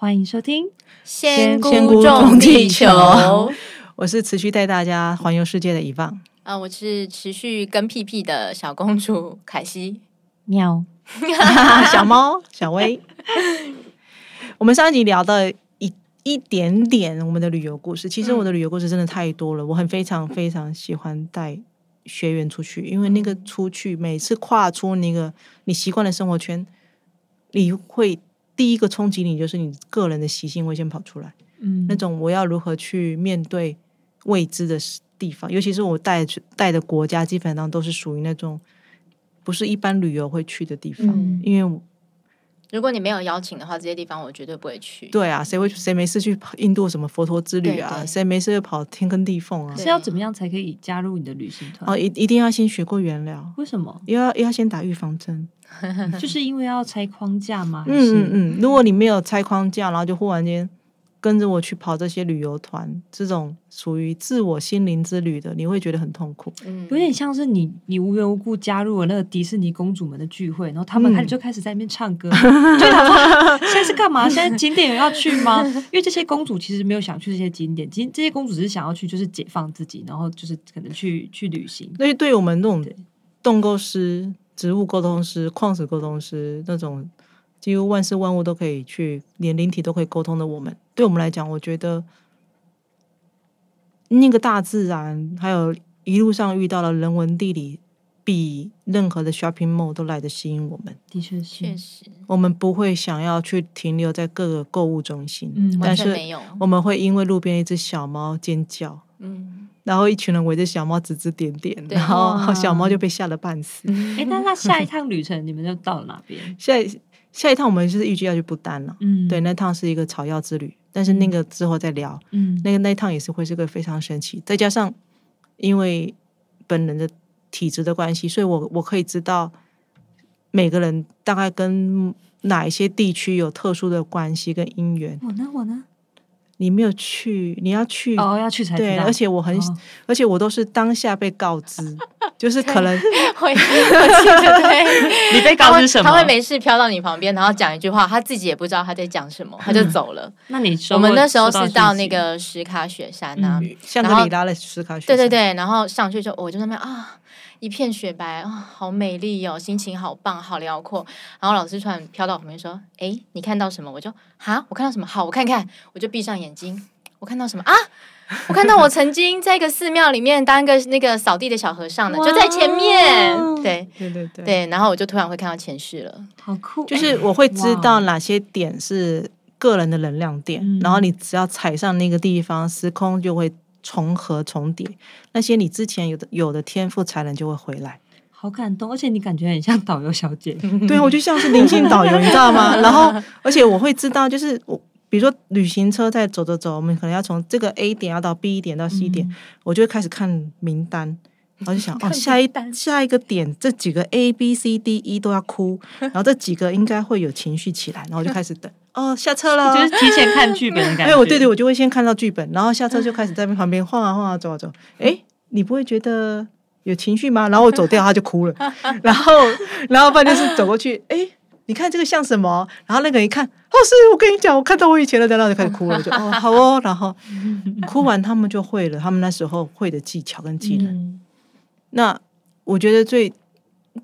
歡迎收聽《仙仙菇種地球》地球，我是持續帶大家環遊世界的 Yvonne 啊，我是持續跟屁屁的小公主凱西喵， 小貓小薇。 我們上一集聊的一一點點我們的旅遊故事，其實我的旅遊故事真的太多了，嗯、我很非常非常喜歡帶學員出去，因為那個出去、嗯、每次跨出那個你習慣的生活圈，你會。第一個衝擊你就是你個人的習性會先跑出來，嗯，那種我要如何去面對未知的地方，尤其是我帶去帶的國家基本上都是屬於那種不是一般旅遊會去的地方，嗯，因為。如果你沒有邀請的話，這些地方我絕對不會去。對啊，誰會誰沒事去跑印度什麼佛陀之旅啊？對對誰沒事跑天坑地縫啊？是要怎麼樣才可以加入你的旅行團？哦，一一定要先學過源療。為什麼？要要先打預防針， 就是因為要拆框架嘛。嗯嗯嗯，如果你沒有拆框架，然後就忽然間。跟着我去跑這些旅遊團，這種屬於自我心靈之旅的，你會覺得很痛苦。嗯，有點像是你，你無緣無故加入了那個迪士尼公主們的聚會，然後他們開始就開始在那邊唱歌，就他說現在是幹嘛？現在景點有要去嗎？ 因為這些公主其實沒有想去這些景點，其實這些公主只是想要去，就是解放自己，然後就是可能去去旅行。所以對我們那種動物溝通師、植物溝通師、礦石溝通師那種。幾乎萬事萬物都可以去，連靈體都可以溝通的。我們對我們來講，我覺得那個大自然，還有一路上遇到了人文地理，比任何的 shopping mall 都來得吸引我們。的確，確實，嗯，我們不會想要去停留在各個購物中心。嗯、完全沒有，但是我們會因為路邊一隻小貓尖叫，嗯、然後一群人圍着小貓指指點點，啊、然後小貓就被嚇了半死。哎、嗯 欸，那那下一趟旅程你們就到了哪邊？下一。下一趟我們是預計要去不丹了，嗯，對，那趟是一個草藥之旅，但是那個之後再聊，嗯，那個那一趟也是會是個非常神奇，嗯，再加上因為本人的體質的關係，所以我我可以知道每個人大概跟哪一些地區有特殊的關係跟因緣。我呢，我呢。你沒有去，你要去哦，要去才對。而且我很，哦、而且我都是當下被告知， 就是可能，會 你被告知什麼，他他會沒事飄到你旁邊，然後講一句話，他自己也不知道他在講什麼，他就走了。嗯、那你說，我們那時候是到那個石卡雪山吶、啊嗯，香格里拉的石卡雪山。對對對，然後上去就我就在那邊啊。一片雪白啊、哦，好美麗喲、哦，心情好棒，好遼闊。然後老師突然飄到我旁邊說：“誒，你看到什麼？”我就，哈？我看到什麼？好，我看看，我就閉上眼睛，我看到什麼啊？我看到我曾經在一個寺廟裡面當一個那個掃地的小和尚呢，哇就在前面。對對對對，對，然後我就突然會看到前世了，好酷。就是我會知道哪些點是個人的能量點，哇然後你只要踩上那個地方，時空就會。重合重疊，那些你之前有的有的天賦才能就會回來，好感動，而且你感覺很像導遊小姐， 對，我就像是靈性導遊，你知道嗎？ 然後，而且我會知道，就是我，比如說旅行車在走着走，我們可能要從這個 A 點要到 B 點到 C 點，嗯、我就會開始看名單。我就想哦，下一，下一個點，這幾個 A B C D E 都要哭，然後這幾個應該會有情緒起來，然後就開始等哦下車了，就是提前看劇本的感覺，哎，我對，對對，我就會先看到劇本，然後下車就開始在旁邊晃啊晃啊走啊走，哎、欸，你不會覺得有情緒嗎？然後我走掉，他就哭了，然後然後半鍵是走過去，哎、欸，你看這個像什麼？然後那個人一看，老、哦、師，我跟你講，我看到我以前的在那，就開始哭了，我就哦好哦，然後哭完他們就會了，他們那時候會的技巧跟技能。嗯那我覺得最，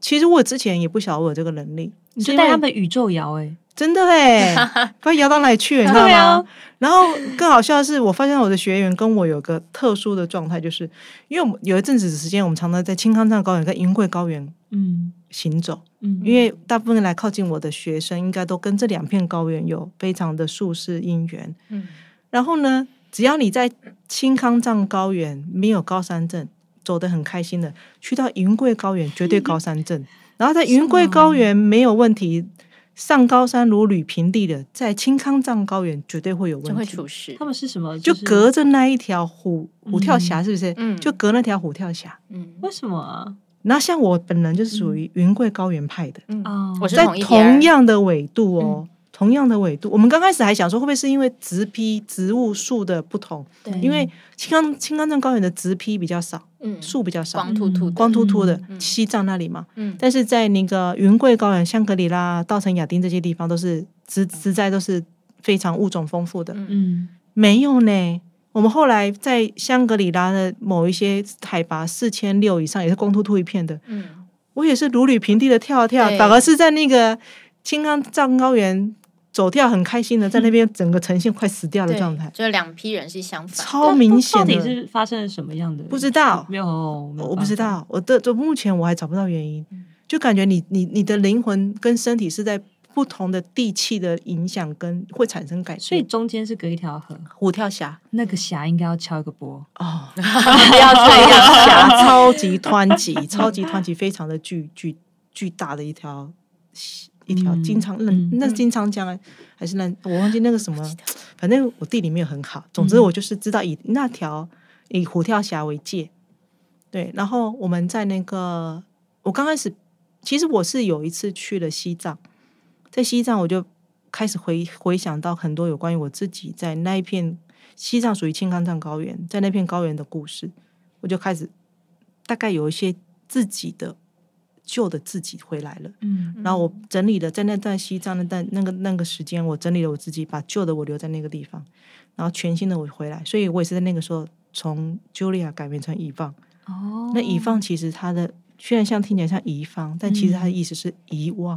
其實我之前也不曉得我有這個能力，你就帶他們宇宙搖誒真的誒不知搖到哪裡去，知道 嗎？ 然後更好笑的是，我發現我的學員跟我有個特殊的狀態，就是因為我們有一陣子的時間，我們常常在青康藏高原跟雲貴高原嗯行走，嗯，因為大部分來靠近我的學生，應該都跟這兩片高原有非常的宿世因緣，嗯，然後呢，只要你在青康藏高原沒有高山症。走得很開心的，去到雲貴高原絕對高山症，嗯、然後在雲貴高原沒有問題，什麼？上高山如履平地的，在青康藏高原絕對會有問題，會出事，他們是什麼？就隔着那一條虎虎跳峽，是不是？嗯，就隔那條虎跳峽。嗯，為什麼？那像我本人就是屬於雲貴高原派的，嗯，我同同樣的緯度哦，嗯、同樣的緯度，我們剛開始還想說會不會是因為植被植物樹的不同，對，因為青康青康藏高原的植被比較少。樹比較少，光禿禿、光禿禿的，西藏那裡嘛。嗯，嗯，但是在那個雲貴高原、香格里拉、稻城亞丁這些地方，都是植、植栽都是非常物種豐富的。嗯，沒有呢。我們後來在香格里拉的某一些海拔四千六以上，也是光禿禿一片的。嗯，我也是如履平地的跳跳，嗯、反而是在那個青藏高原，走跳很開心的，在那邊整個呈現快死掉的狀態，嗯。就兩批人是相反的。超明顯的。到底是發生了什麼樣的？不知道，沒有，沒有我不知道，我的就目前我還找不到原因，嗯，就感覺你你你的靈魂跟身體是在不同的地氣的影響，跟會產生改變。所以中間是隔一條河，虎跳峽，那個峽應該要敲一個波哦，不要這樣峽，超級湍急，超級湍急，非常的巨巨巨大的一條。一條金昌，嗯嗯、那那金昌江、欸嗯、還是那個，我忘記那個什麼， 反正我地理沒有很好。總之，我就是知道以那條、嗯、以虎跳峽為界，對。然後我們在那個，我剛開始其實我是有一次去了西藏，在西藏我就開始回回想到很多有關於我自己在那一片西藏屬於青藏高原，在那片高原的故事，我就開始大概有一些自己的。舊的自己回來了，嗯，然後我整理的在那段西藏那段那個、嗯那個、那個時間，我整理了我自己，把舊的我留在那個地方，然後全新的我回來，所以我也是在那個時候從 Julia 改變成 Yvonne 哦。那 Yvonne 其實他的雖然像聽起來像乙方，但其實他的意思是遺忘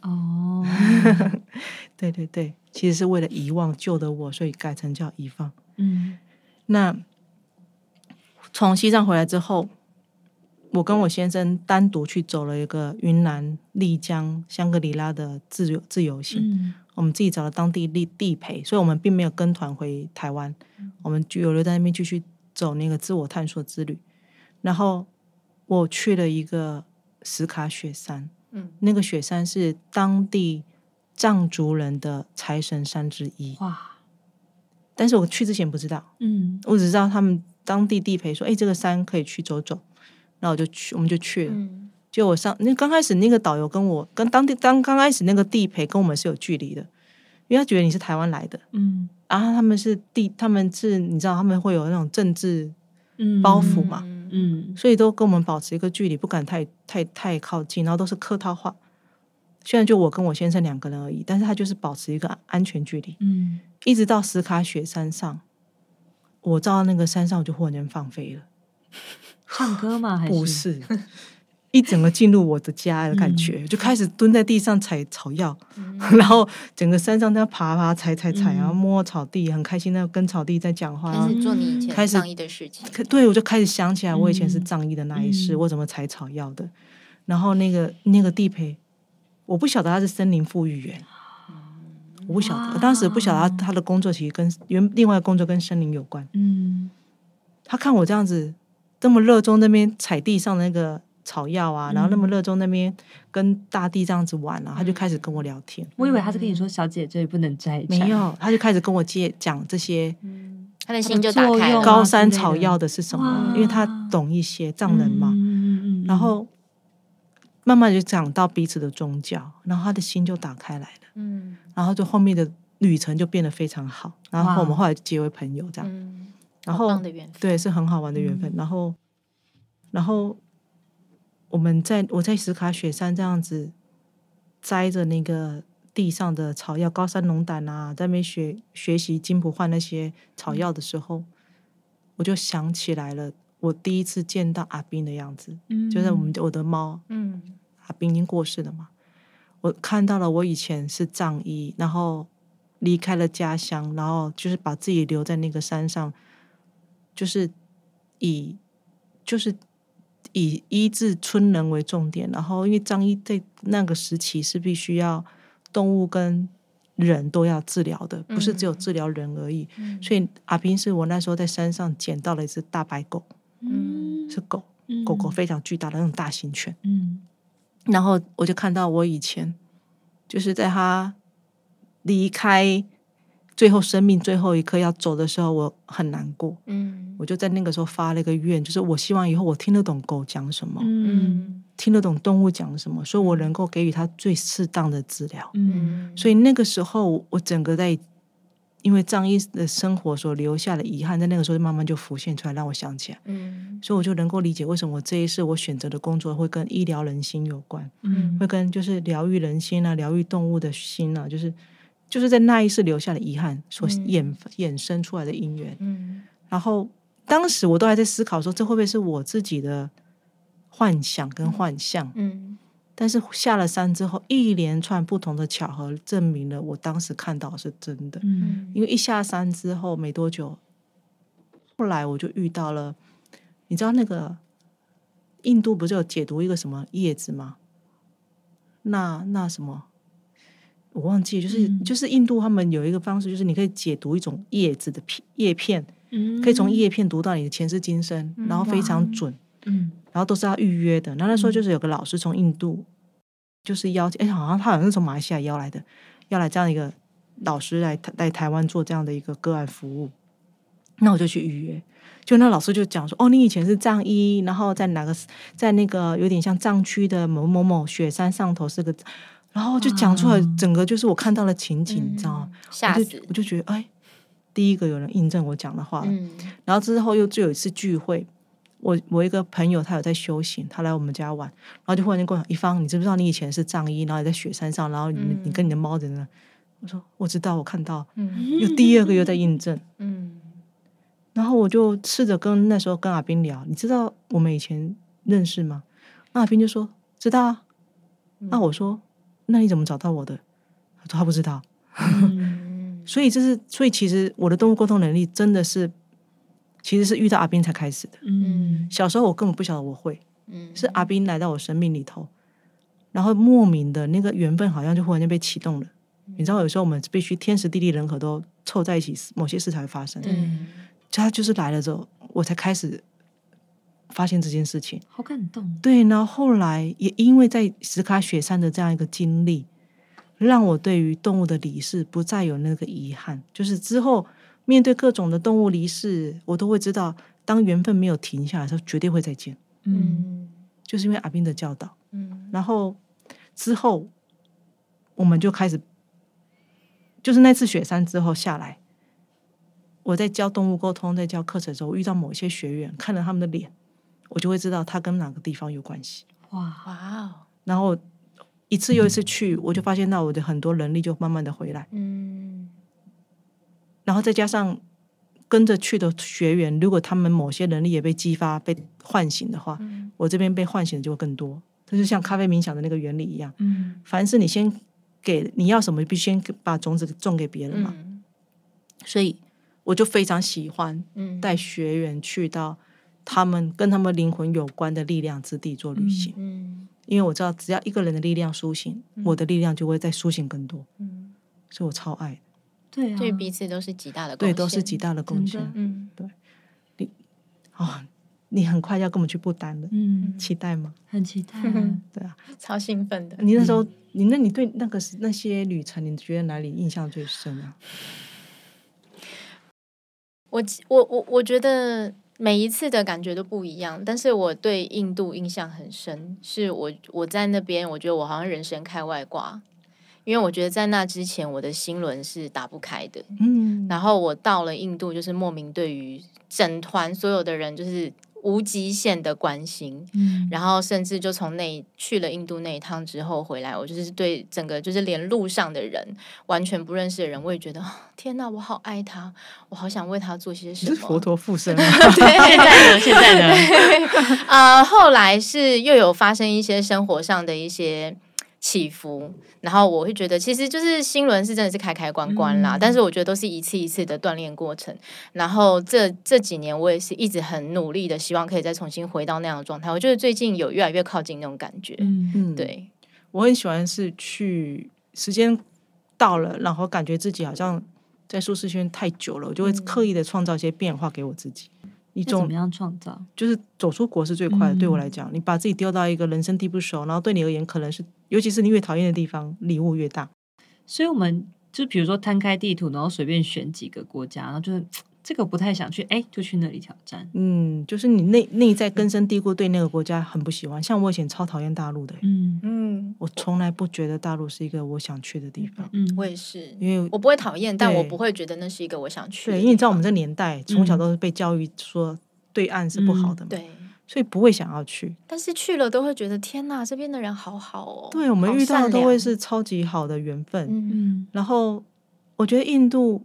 哦。嗯、 對對對，其實是為了遺忘舊的我，所以改成叫 Yvonne。嗯，那從西藏回來之後。我跟我先生單獨去走了一個雲南麗江香格里拉的自由自由行，嗯、我們自己找了當地地地陪，所以我們並沒有跟團回台灣，嗯、我們就有留在那邊繼續走那個自我探索之旅。然後我去了一個石卡雪山，嗯，那個雪山是當地藏族人的財神山之一，哇！但是我去之前不知道，嗯，我只知道他們當地地陪說，哎，這個山可以去走走。那我就去，我們就去了。就我上，那剛開始那個導遊跟我跟當地剛剛開始那個地陪跟我們是有距離的，因為他覺得你是台灣來的。嗯，啊，他們是地，他們是，你知道他們會有那種政治包袱嘛，嗯，嗯，所以都跟我們保持一個距離，不敢太太太靠近。然後都是客套話。雖然就我跟我先生兩個人而已，但是他就是保持一個安全距離。嗯，一直到石卡雪山上，我照到那個山上，我就忽然間放飛了。 唱歌嗎？還是不是，一整個進入我的家的感覺， 嗯、就開始蹲在地上採草藥，嗯、然後整個山上在爬，爬爬踩踩踩，嗯、然後摸草地，很開心的跟草地在講話。開始做你以前藏醫的事情，對，我就開始想起來，我以前是藏醫的那一世，嗯、我怎麼採草藥的？嗯、然後那個那個地陪，我不曉得他是森林復育員，哇我不曉得，當時不曉得他的工作其實跟原另外工作跟森林有關。嗯，他看我這樣子。那麼熱衷那邊踩地上的那個草藥啊，然後那麼熱衷那邊跟大地這樣子玩了，他就開始跟我聊天。我以為他是跟你說，小姐，這也不能摘。沒有，他就開始跟我介講這些，他的心就打開了。高山草藥的是什麼？因為他懂一些藏人嘛。嗯嗯嗯。然後慢慢就講到彼此的宗教，然後他的心就打開來了。嗯。然後就後面的旅程就變得非常好。然後我們後來結為朋友這樣。然後對，是很好玩的緣分。然後然後，我們在我在石卡雪山這樣子栽着那個地上的草藥，高山龍膽啊，在那邊學學習金不換那些草藥的時候，嗯，我就想起來了，我第一次見到阿斌的樣子，嗯，就是我們我的貓，嗯，阿斌已經過世了嘛，我看到了我以前是藏醫，然後離開了家鄉，然後就是把自己留在那個山上，就是以就是。以醫治村人為重點，然後因為張醫在那個時期是必須要動物跟人都要治療的，不是只有治療人而已。嗯，所以阿平是我那時候在山上撿到了一隻大白狗，嗯，是狗，狗狗非常巨大的那種大型犬，嗯，然後我就看到我以前就是在他離開。最後生命最後一刻要走的時候，我很難過。嗯，我就在那個時候發了一個願，就是我希望以後我聽得懂狗講什麼，嗯，聽得懂動物講什麼，所以我能夠給予它最適當的治療。嗯，所以那個時候我整個在因為藏醫的生活所留下的遺憾，在那個時候就慢慢就浮現出來，讓我想起來。嗯，所以我就能夠理解為什麼我這一次我選擇的工作會跟醫療人心有關，嗯，會跟就是療癒人心啊，療癒動物的心啊，就是。就是在那一世留下的遺憾所衍、嗯、衍生出來的因緣，嗯、然後當時我都還在思考說，這會不會是我自己的幻想跟幻象，嗯嗯、但是下了山之後，一連串不同的巧合證明了我當時看到是真的，嗯、因為一下山之後沒多久，後來我就遇到了，你知道那個印度不是有解讀一個什麼葉子嗎？那那什麼？我忘記，就是、嗯、就是印度他們有一個方式，就是你可以解讀一種葉子的片葉片，嗯、可以從葉片讀到你的前世今生，嗯、然後非常準，嗯，然後都是要預約的。然後那時候就是有個老師從印度，就是邀請，哎、嗯欸，好像他好像是從馬來西亞邀來的，邀來這樣一個老師來台來台灣做這樣的一個個案服務。那我就去預約，就那老師就講說，哦，你以前是藏醫，然後在哪個在那個有點像藏區的某某某某雪山上頭是個。然後就講出來，整個就是我看到的情景，啊、你知道嗎？我、嗯、就我就覺得，哎，第一個有人印證我講的話了。嗯、然後之後又就有一次聚會，我我一個朋友他有在修行，他來我們家玩，然後就忽然間跟我講：“一方，你知不知道你以前是藏醫？然後你在雪山上，然後你、嗯、你跟你的貓在那？”我說：“我知道，我看到。”嗯。又第二個又在印證。嗯。然後我就試着跟那時候跟阿斌聊，你知道我們以前認識嗎？那阿斌就說：“知道啊。”那我說。嗯那你怎麼找到我的？我說他不知道， 所以這是，所以其實我的動物溝通能力真的是，其實是遇到阿斌才開始的。嗯，小時候我根本不曉得我會，嗯，是阿斌來到我生命裡頭，嗯、然後莫名的那個緣分好像就忽然間被啟動了。嗯、你知道，有時候我們必須天時地利人和都湊在一起，某些事才會發生。嗯，就他就是來了之後，我才開始。發現這件事情好感動啊，對。然後後來也因為，在石卡雪山的這樣一個經歷，讓我對於動物的離世不再有那個遺憾。就是之後面對各種的動物離世，我都會知道，當緣分沒有停下來的時候，絕對會再見。嗯，就是因為阿賓的教導。嗯，然後之後我們就開始，就是那次雪山之後下來，我在教動物溝通，在教課程的時候，我遇到某一些學員，看了他們的臉。我就會知道它跟哪個地方有關係。哇 Wow 然後一次又一次去，嗯、我就發現到我的很多能力就慢慢的回來。嗯。然後再加上跟着去的學員，如果他們某些能力也被激發、被喚醒的話，嗯、我這邊被喚醒的就會更多。它就是、像咖啡冥想的那個原理一樣。嗯、凡是你先給你要什麼，必須先把種子種給別人嘛。嗯、所以我就非常喜歡帶學員去到。他們跟他們靈魂有關的力量之地做旅行，嗯，嗯因為我知道，只要一個人的力量甦醒，嗯、我的力量就會再甦醒更多，嗯、所以我超愛，對啊，對彼此都是極大的，對，都是極大的貢獻，的嗯，對，你啊、哦，你很快要跟我們去不丹的，嗯，期待嗎？很期待，對啊， 超興奮的。你那時候，嗯、你那你對那個那些旅程，你覺得哪裡印象最深啊？我我我我覺得。每一次的感覺都不一樣，但是我對印度印象很深，是我我在那邊，我覺得我好像人生開外掛，因為我覺得在那之前我的心輪是打不開的，嗯，然後我到了印度，就是莫名對於整團所有的人就是。無極限的關心，嗯、然後甚至就從那去了印度那一趟之後回來，我就是對整個，就是連路上的人完全不認識的人，我也覺得天哪，我好愛他，我好想為他做些什麼。是佛陀附身了，啊， 對 現在呢？現在呢？呃，後來是又有發生一些生活上的一些。起伏，然後我會覺得，其實就是心輪是真的是開開關關啦。嗯、但是我覺得都是一次一次的鍛鍊過程。然後這這幾年我也是一直很努力的，希望可以再重新回到那樣的狀態。我覺得最近有越來越靠近那種感覺。嗯嗯，對，我很喜歡是去時間到了，然後感覺自己好像在舒適圈太久了，我就會刻意的創造一些變化給我自己。嗯、一種怎麼樣創造？就是走出國是最快的。嗯、對我來講，你把自己丟到一個人生地不熟，然後對你而言可能是。尤其是你越討厭的地方，禮物越大。所以我們就比如說攤開地圖，然後隨便選幾個國家，然後就是這個不太想去，哎，就去那裡挑戰。嗯，就是你內內在根深蒂固對那個國家很不喜歡，像我以前超討厭大陸的。嗯嗯，我從來不覺得大陸是一個我想去的地方。嗯,嗯，我也是，因為我不會討厭，但對我不會覺得那是一個我想去的地方。對，因為你知道我們這年代，從小都是被教育說對岸是不好的嘛、嗯嗯。對。所以不會想要去，但是去了都會覺得天吶，這邊的人好好哦。對，我們遇到的都會是超級好的緣分。嗯，然後我覺得印度，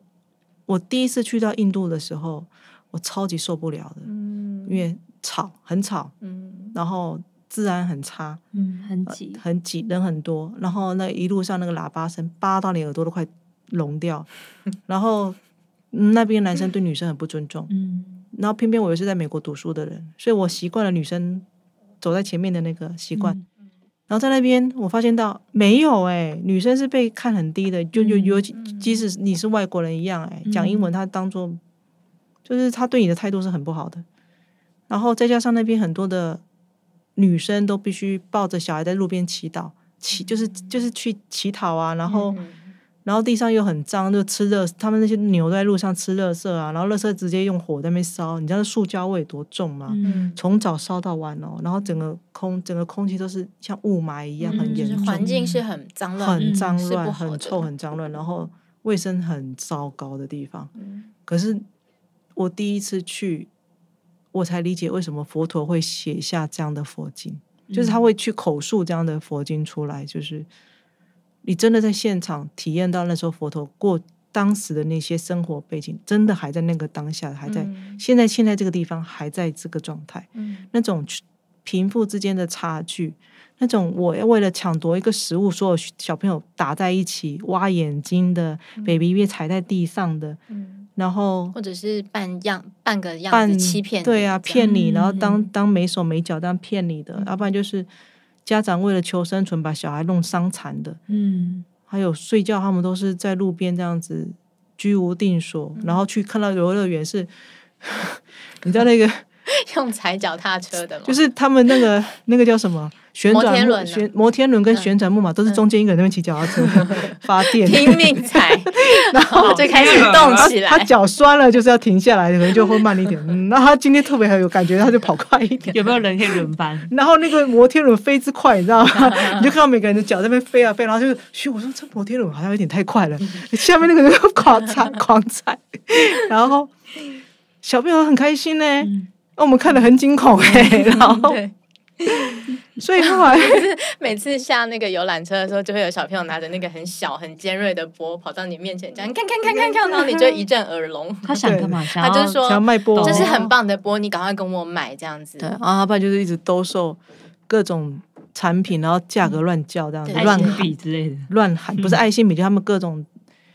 我第一次去到印度的時候，我超級受不了的。嗯，因為吵，很吵。嗯，然後治安很差。嗯，很擠，呃，很擠，人很多。然後那一路上那個喇叭聲，叭到你耳朵都快聾掉。 然後那邊男生對女生很不尊重。嗯嗯然後偏偏我又是在美國讀書的人，所以我習慣了女生走在前面的那個習慣。嗯、然後在那邊我發現到沒有哎、欸，女生是被看很低的，就就尤其即使你是外國人一樣哎、欸，嗯、講英文他當做就是他對你的態度是很不好的。嗯、然後再加上那邊很多的女生都必須抱着小孩在路邊祈禱，祈、嗯、就是就是去乞討啊，嗯、然後。嗯嗯然後地上又很髒，就吃熱，他們那些牛在路上吃垃圾啊，然後垃圾直接用火在那燒，你知道塑膠味多重嗎？嗯、從早燒到晚哦，然後整個空整個空氣都是像霧霾一樣、嗯、很嚴重，就是環境是很髒亂，很髒亂，嗯、很臭，很髒亂，然後衛生很糟糕的地方。嗯、可是我第一次去，我才理解為什麼佛陀會寫下這樣的佛經，嗯、就是他會去口述這樣的佛經出來，就是。你真的在現場體驗到那時候佛陀過當時的那些生活背景，真的還在那個當下，還在、嗯、現在現在這個地方，還在這個狀態。嗯、那種貧富之間的差距，那種我要為了搶奪一個食物，所有小朋友打在一起挖眼睛的，baby 被、嗯、踩在地上的，嗯、然後或者是扮樣扮個樣子欺騙，對啊，騙你，然後當當沒手沒腳當騙你的，要、嗯嗯啊、不然就是。家長為了求生存，把小孩弄傷殘的。嗯，還有睡覺，他們都是在路邊這樣子居無定所，嗯、然後去看到遊樂園是，嗯、 你知道那個用踩腳踏車的嗎？就是他們那個那個叫什麼？ 旋轉輪旋，摩天輪跟旋轉木馬都是中間一個人在那邊騎腳踏車發電，拼命踩，然後就開始動起來。他腳酸了就是要停下來，可能就會慢一點。那他今天特別很有感覺，他就跑快一點。有沒有人可以輪班？然後那個摩天輪飛之快，你知道嗎？你就看到每個人的腳在那邊飛啊飛，然後就是，我說這摩天輪好像有點太快了。下面那個人狂踩狂踩，然後小朋友很開心呢，那我們看的很驚恐哎，然後。 所以後來就 是每次下那個遊覽車的時候，就會有小朋友拿着那個很小、很尖銳的波跑到你面前，這樣你看看看看看，然後你就一陣耳聾。 他想幹嘛？他就是說要賣波，這是很棒的波，你趕快跟我買這樣子。對啊，他不然就是一直兜售各種產品，然後價格亂叫，這樣子、嗯、對 亂喊比之類的，亂喊、嗯、不是愛心筆就他們各種。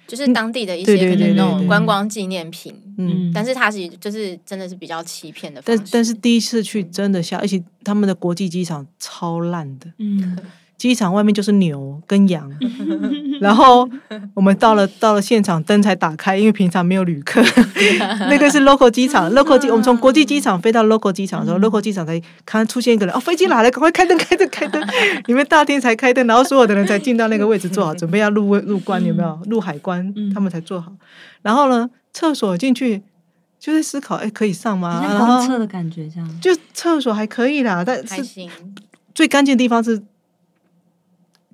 就是當地的一些那種觀光紀念品，嗯，對對對對，嗯。但是它是就是真的是比較欺騙的方式、嗯、但是但是第一次去真的下，而且他們的國際機場超爛的，嗯。機場外面就是牛跟羊，然後我們到了到了現場燈才打開，因為平常沒有旅客。那個是 local 機場，local 機，我們從國際機場飛到 local 機場的時候，local 機場才看出現一個人，哦，飛機來了，趕快開燈，開燈，開燈！你們大廳才開燈，然後所有的人才進到那個位置坐好，準備要入入關，有沒有？入海關他們才坐好。然後呢，廁所進去就在思考，哎，可以上嗎？然後廁所的感覺這樣，就廁所還可以啦，但還行。最乾淨的地方是。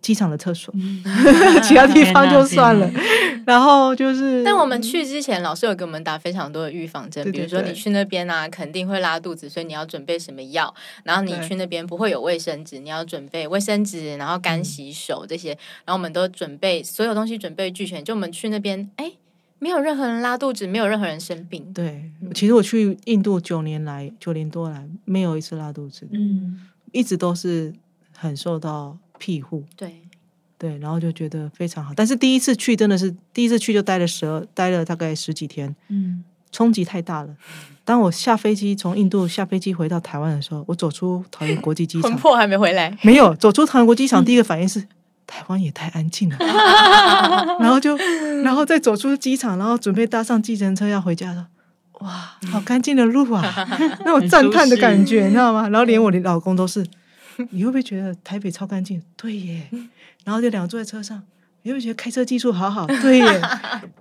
機場的廁所， 其他地方就算了。然後就是，但我們去之前，老師有給我們打非常多的預防針，比如說你去那邊啊，肯定會拉肚子，所以你要準備什麼藥。然後你去那邊不會有衛生紙，你要準備衛生紙，然後乾洗手這些。然後我們都準備所有東西，準備俱全。就，我們去那邊，哎，沒有任何人拉肚子，沒有任何人生病。對，其實我去印度九年來，九年多來沒有一次拉肚子，嗯，一直都是很受到。庇護，對對，然後就覺得非常好。但是第一次去真的是第一次去就待了十待了大概十幾天，嗯，衝擊太大了。當我下飛機，從印度下飛機回到台灣的時候，我走出桃園國際機場， 魂魄還沒回來。沒有走出桃園國際機場，嗯、第一個反應是台灣也太安靜了， 然後就然後再走出機場，然後準備搭上計程車要回家了。哇，好乾淨的路啊， 那種讚嘆的感覺， 很舒心。你知道嗎？然後連我的老公都是。你會不會覺得台北超乾淨？對耶！然後就兩個坐在車上，你會不會覺得開車技術好好？對耶！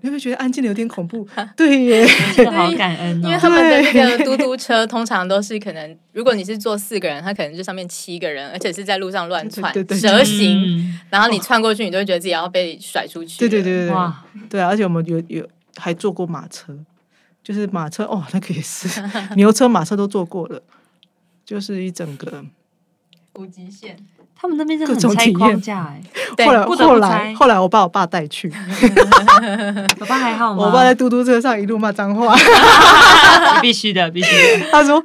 你會不會覺得安靜的有點恐怖？對耶！我好感恩。因為他們的那個嘟嘟車通常都是可能，如果你是坐四個人，他可能就上面七個人，而且是在路上亂竄，蛇行。然後你竄過去，你就會覺得自己要被甩出去。對對對對，哇！對啊，而且我們有有還坐過馬車，就是馬車哦，那個也是牛車、馬車都坐過了，就是一整個。無極限，他們那邊真的很拆框架哎、欸，後來不不後來後來我把我爸帶去， 我爸還好嗎？我爸在嘟嘟車上一路罵髒話， 必須的，必須的。他說。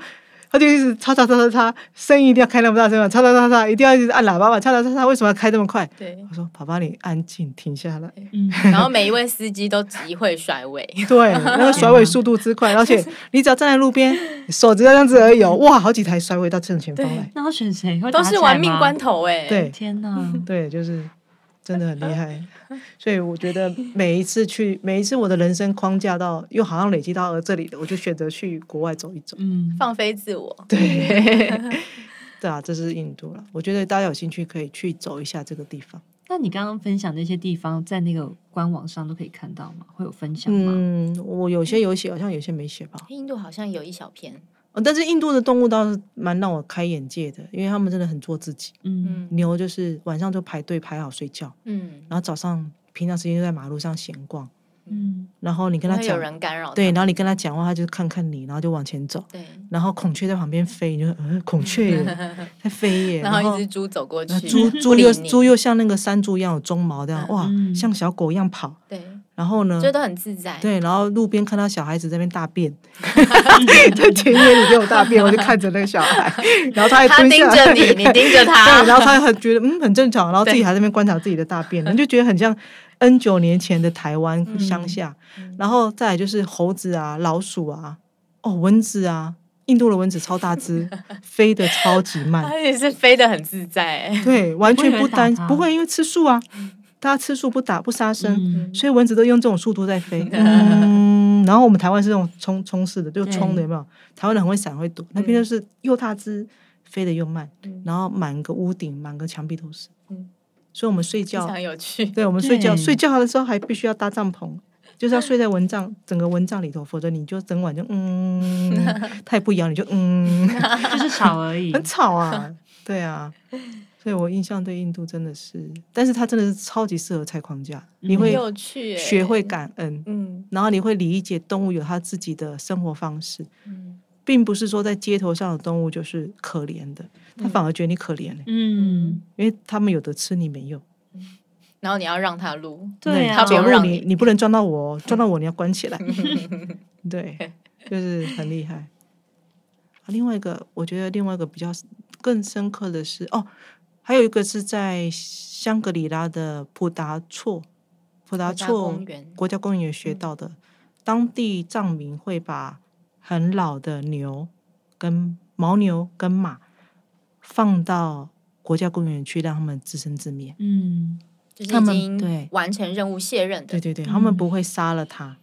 他就一直擦擦擦擦擦，聲音一定要開那麼大聲嘛，擦擦擦擦，一定要一直按喇叭嘛，擦擦擦擦，為什麼要開這麼快？對，我說爸爸你安靜停下來。嗯、 然後每一位司機都極會甩尾，對，那個甩尾速度之快，而且、 就是、你只要站在路邊，手指這樣子而已哇，好幾台甩尾到正前方來，那他選誰？都是玩命關頭哎、欸，對，天吶哪。對，就是。真的很厲害，所以我覺得每一次去，每一次我的人生框架到，又好像累積到呃這裡的，我就選擇去國外走一走，嗯，放飛自我，對， 對啊，這是印度啦，我覺得大家有興趣可以去走一下這個地方。那你剛剛分享那些地方，在那個官網上都可以看到嗎？會有分享嗎？嗯，我有些有寫，好像有些沒寫吧。嗯，印度好像有一小篇。但是印度的動物倒是蠻讓我開眼界的，因為他們真的很做自己。嗯，牛就是晚上就排隊排好睡覺，嗯，然後早上平常時間就在馬路上閒逛，嗯，然後你跟他講，有人干擾，對，然後你跟他講話，他就看看你，然後就往前走，對。然後孔雀在旁邊飛，你就說，呃，孔雀在飛耶，然後一只豬走過去，豬豬又豬又像那個山豬一樣有鬃毛這樣，哇，像小狗一樣跑，對。然後呢，覺得很自在。對，然後路邊看到小孩子在那邊大便， 在田野裡面有大便，我就看着那個小孩，然後他也盯着你，你盯着他， 對，然後他也很覺得嗯很正常，然後自己還在那邊觀察自己的大便，你對就覺得很像 N 九年前的台灣鄉下。嗯嗯、然後再來就是猴子啊、老鼠啊、哦蚊子啊，印度的蚊子超大只， 飛的超級慢，他也是飛得很自在、欸，對，完全不擔不,不會因為吃素啊。大吃素，不打不殺生，所以蚊子都用這種速度在飛。然後我們台灣是這種衝衝式的，就衝的，有沒有？台灣人很會閃會躲。那邊就是又大隻，飛的又慢，然後滿個屋頂滿個牆壁都是。嗯，所以我們睡覺非常有趣。對，我們睡覺睡覺好的時候還必須要搭帳篷，就是要睡在蚊帳整個蚊帳裡頭，否則你就整晚就嗯太不一樣，你就嗯就是吵而已。很吵啊，對啊。所以我印象，對印度真的是，但是他真的是超級適合拆框架。你會學會感恩，嗯，然後你會理解動物有他自己的生活方式，嗯，並不是說在街頭上的動物就是可憐的，他反而覺得你可憐，嗯，因為他們有的吃你沒有，然後你要讓他錄，對，他不讓你，你不能撞到我，撞到我你要關起來，對，就是很厲害。另外一個，我覺得另外一個比較更深刻的是，哦。還有一個是在香格里拉的普達措，普達措國，國家公園學到的，嗯、當地藏民會把很老的牛跟、跟犛牛、跟馬放到國家公園去，讓他們自生自滅。嗯，就是已經對完成任務卸任的，對，對對對，嗯、他們不會殺了他。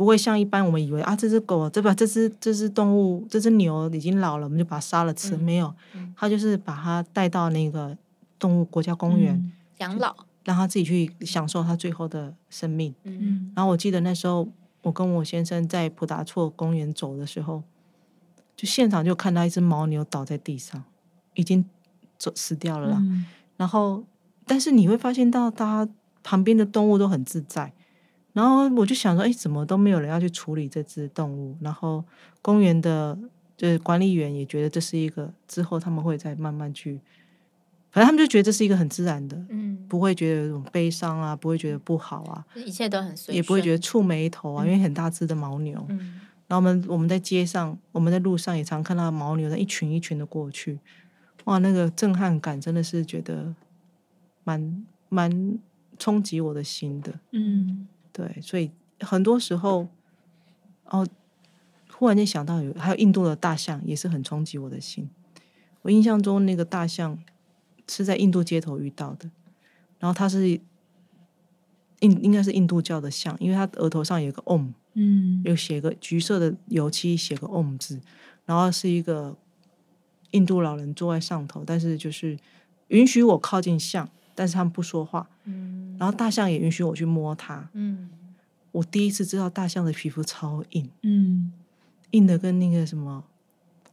不會像一般我們以為啊，這只狗，這把這只這只動物，這只牛已經老了，我們就把它殺了吃。嗯、沒有，他就是把它帶到那個動物國家公園、嗯、養老，讓它自己去享受它最後的生命。嗯、然後我記得那時候我跟我先生在普達措公園走的時候，就現場就看到一只牦牛倒在地上，已經走死掉了啦、嗯、然後，但是你會發現到它旁邊的動物都很自在。然後我就想說，哎，怎麼都沒有人要去處理這只動物？然後公園的，就是管理員也覺得這是一個之後他們會再慢慢去，反正他們就覺得這是一個很自然的，嗯，不會覺得有種悲傷啊，不會覺得不好啊，一切都很，也不會覺得蹙眉頭啊，嗯，因為很大只的犛牛。嗯，然後我們我們在街上，我們在路上也常看到犛牛在一群一群的過去，哇，那個震撼感真的是覺得蠻，蠻蠻衝擊我的心的，嗯。對，所以很多時候，哦，忽然間想到有還有印度的大象，也是很衝擊我的心。我印象中那個大象是在印度街頭遇到的，然後它是印應，應該是印度教的象，因為它額頭上有個 Om，嗯，有寫個橘色的油漆寫個 Om 字，然後是一個印度老人坐在上頭，但是就是允許我靠近象，但是他們不說話，嗯。然後大象也允許我去摸它。嗯，我第一次知道大象的皮膚超硬。嗯，硬的跟那個什麼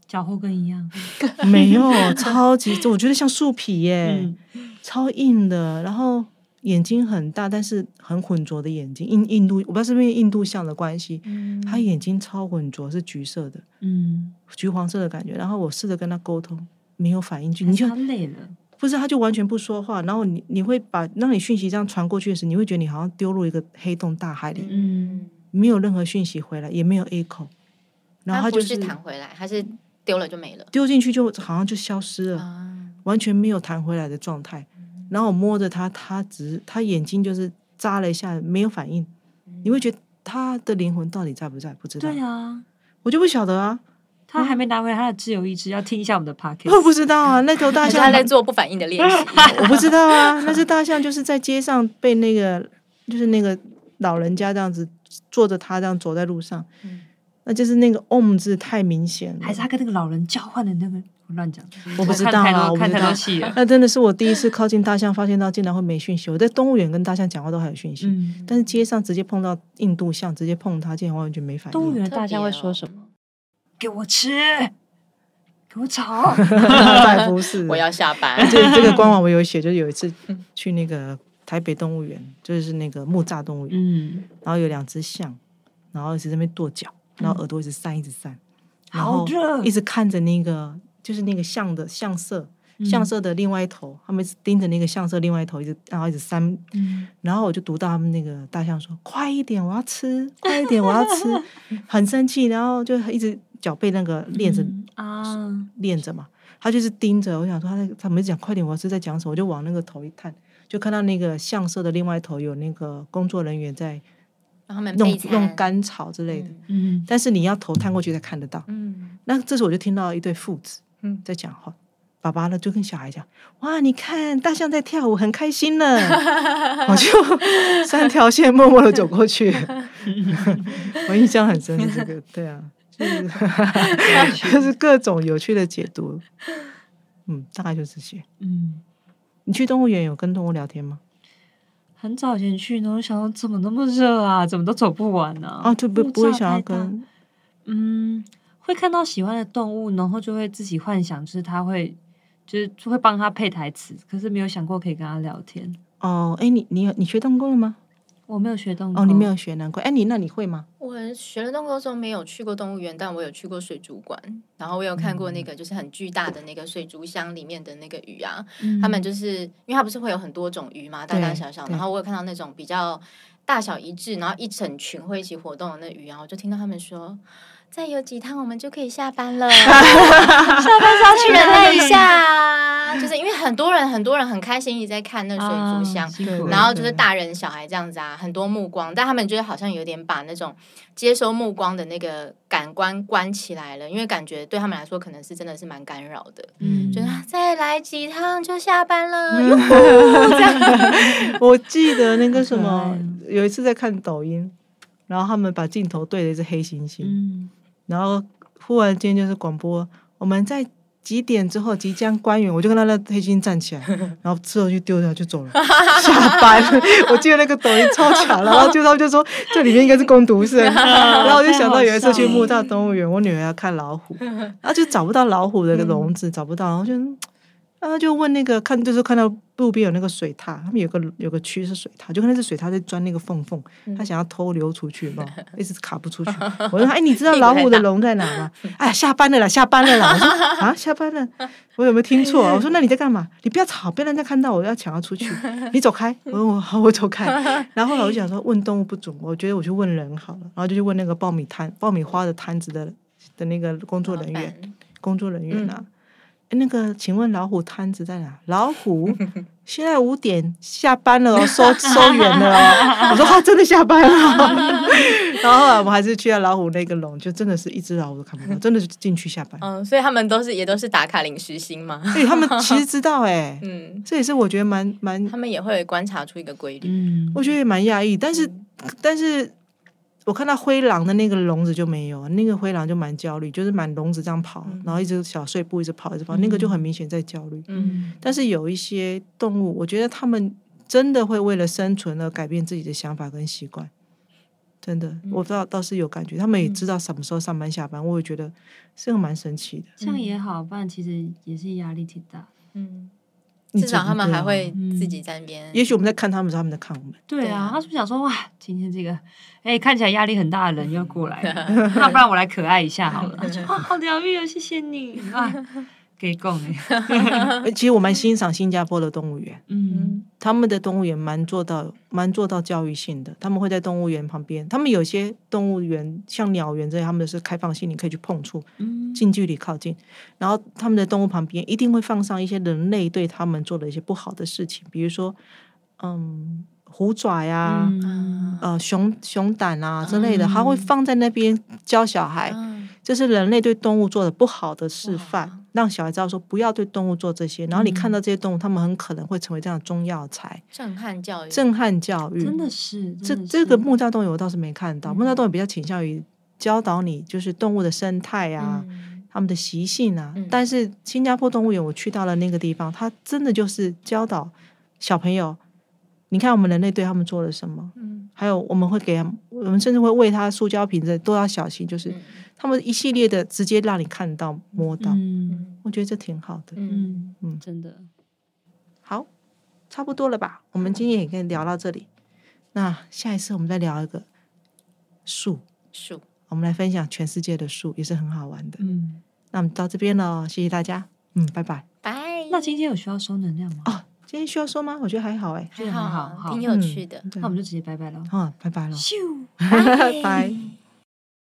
腳後跟一樣。 沒有，超級， 我覺得像樹皮耶，嗯、超硬的。然後眼睛很大，但是很渾濁的眼睛，印印度，我不知道是不是印度象的關係。嗯、他它眼睛超渾濁，是橘色的，嗯，橘黃色的感覺。然後我試着跟它溝通，沒有反應，就你超累了。不是，他就完全不說話。然後你你會把當你訊息這樣傳過去的時候，你會覺得你好像丟入一個黑洞大海裡，嗯、沒有任何訊息回來，也沒有 echo 然後他、就是彈、啊、回來，還是丟了就沒了，丟進去就好像就消失了，啊、完全沒有彈回來的狀態。然後我摸着他，他只他眼睛就是眨了一下，沒有反應。嗯、你會覺得他的靈魂到底在不在？不知道。對啊，我就不曉得啊。他還沒拿回他的自由意志，要聽一下我們的 podcast。我不知道啊，那頭大象他 還是他在做不反應的練習。 我不知道啊，那隻大象就是在街上被那個，就是那個老人家這樣子坐着，他這樣走在路上。嗯、那就是那個 Om 字太明顯了。還是他跟那個老人交換的那個？亂講，我不知道啊，我 看太多戲。那真的是我第一次靠近大象，發現到竟然會沒訊息。我在動物園跟大象講話都還有訊息，嗯、但是街上直接碰到印度象，直接碰它，竟然完全沒反應。動物園大象會說什麼？給我吃，給我炒。大夫是我要下班。這、啊、這個官網我有寫，就是有一次去那個台北動物園，就是那個木柵動物園，嗯、然後有兩只象，然後一直在那邊跺腳，然後耳朵一直扇、嗯、一直扇，然後一直扇好熱的，然後一直看着那個就是那個象的象舍，象舍的另外一頭，嗯、他們一直盯着那個象舍另外一頭，一直然後一直扇，嗯、然後我就讀到他們那個大象說：“嗯、快一點，我要吃，快一點， 我要吃，很生氣。”然後就一直。腳被那個鏈子、嗯、啊鏈着嘛，他就是盯着。我想說他，他他沒講快點，我是在講什麼？我就往那個頭一探，就看到那個象舍的另外一頭有那個工作人員在弄弄乾草之類的。嗯、但是你要頭探過去才看得到。嗯、那這時我就聽到一對父子在講話，嗯、爸爸呢就跟小孩講：“哇，你看大象在跳舞，很開心呢。” 我就三條線默默的走過去， 我印象很深。 這個對啊。 就是各種有趣的解讀，嗯，大概就這些。嗯，你去動物園有跟動物聊天嗎？很早前去呢，我想說怎麼那麼熱啊，怎麼都走不完呢、啊？啊，就不不會想要跟，嗯，會看到喜歡的動物，然後就會自己幻想吃，就是他會，就是就會幫他配台詞。可是沒有想過可以跟他聊天。哦，哎、欸，你你有你學動物了嗎？我沒有學動物哦，你沒有學難怪。哎、欸，你那你會嗎？我學了動溝的時候沒有去過動物園，但我有去過水族館，然後我有看過那個就是很巨大的那個水族箱裡面的那個魚啊，嗯、他們就是因為它不是會有很多種魚嘛，大大小小，小，然後我有看到那種比較大小一致，然後一整群會一起活動的那魚啊，我就聽到他們說 再游幾趟，我們就可以下班了， 下班下去忍耐一下。 就是因為很多人，很多人很開心，一直在看那水族箱，哦、對對對，然後就是大人小孩這樣子啊，很多目光，但他們覺得好像有點把那種接收目光的那個感官關起來了，因為感覺對他們來說可能是真的是蠻干擾的。嗯，就是、啊、再來幾趟就下班了。嗯、 我記得那個什麼，有一次在看抖音，然後他們把鏡頭對着一只黑猩猩，嗯、然後忽然間就是廣播，我們在。幾點之後即將關園，我就跟他那黑猩猩站起來，然後之後就丟掉就走了，下班了。我記得那個抖音超強了， 然後就他們就說這裡面應該是工讀生， 然後我就想到有一次去木柵動物園，我女兒要看老虎，然後就找不到老虎的籠子，嗯、找不到，然後就。然後就問那個看，就是看到路邊有那個水獺，他們有個有個區是水獺，就看那隻水獺在鑽那個縫縫，他想要偷溜出去嘛，一直卡不出去。我說：“哎，你知道老虎的籠在哪嗎？”哎，下班了啦，下班了啦。我說：“啊，下班了？我有沒有聽錯？”我說：“那你在幹嘛？你不要吵，別人在看到我要搶要出去，你走開。”我說：“好，我走開。”然後我就想說問動物不準，我覺得我去問人好了，然後就去問那個爆米攤、爆米花的攤子的的那個工作人員，工作人員啊。哎，那個，請問老虎攤子在哪？老虎現在五點下班了，哦 收，收收園了，哦。 我說，哇，真的下班了。 然後、啊、我們還是去了老虎那個籠，就真的是一隻老虎都看不到，真的是進去下班。嗯，哦，所以他們都是也都是打卡領時薪嘛。所 以，欸，他們其實知道哎，欸，嗯，這也是我覺得蠻蠻。蠻，他們也會觀察出一個規律。嗯，我覺得蠻訝異，但是，嗯，但是。我看到灰狼的那個籠子就沒有，那個灰狼就蠻焦慮，就是滿籠子這樣跑，嗯、然後一直小碎步一直跑，一直跑，嗯、那個就很明顯在焦慮。嗯，但是有一些動物，我覺得他們真的會為了生存而改變自己的想法跟習慣，真的，嗯、我倒倒是有感覺，他們也知道什麼時候上班下班，我也覺得這個蠻神奇的。嗯、這樣也好辦，不然其實也是壓力挺大。嗯。你至少他們還會自己在那邊、嗯。也許我們在看他們，他們在看我們。對啊，他是不是想說哇，今天這個哎、欸、看起來壓力很大的人又過來了， 那不然我來可愛一下好了。他、 啊、好療癒啊，謝謝你啊。 給你講呢， 其實我蠻欣賞新加坡的動物園，嗯哼，他們的動物園蠻做到，蠻做到教育性的。他們會在動物園旁邊，他們有些動物園像鳥園這些，他們是開放性，你可以去碰觸，嗯，近距離靠近。嗯，然後他們的動物旁邊一定會放上一些人類對他們做的一些不好的事情，比如說，嗯。虎爪呀，呃，熊熊膽啊之類的，他會放在那邊教小孩，這是人類對動物做的不好的示範，讓小孩知道說不要對動物做這些。然後你看到這些動物，他們很可能會成為這樣的中藥材。震撼教育，震撼教育，真的是這這個木柵動物園我倒是沒看到，木柵動物園比較傾向於教導你就是動物的生態啊，他們的習性啊。但是新加坡動物園我去到了那個地方，它真的就是教導小朋友，你看我們人類對他們做了什麼？嗯，還有我們會給他們，我們甚至會餵他塑膠瓶子，都要小心。就是他們一系列的直接讓你看到、摸到。嗯，我覺得這挺好的。嗯嗯，真的。好，差不多了吧？我們今天也可以聊到這裡。那下一次我們再聊一個樹，樹，我們來分享全世界的樹也是很好玩的。嗯，那我們到這邊了，謝謝大家。嗯，拜拜。拜。那今天有需要收能量嗎？啊。今天需要說嗎？我覺得還好哎、欸，還好好，挺好、嗯、有趣的。那對我們就直接拜拜了，好、啊，拜拜了，咻，拜拜 Bye。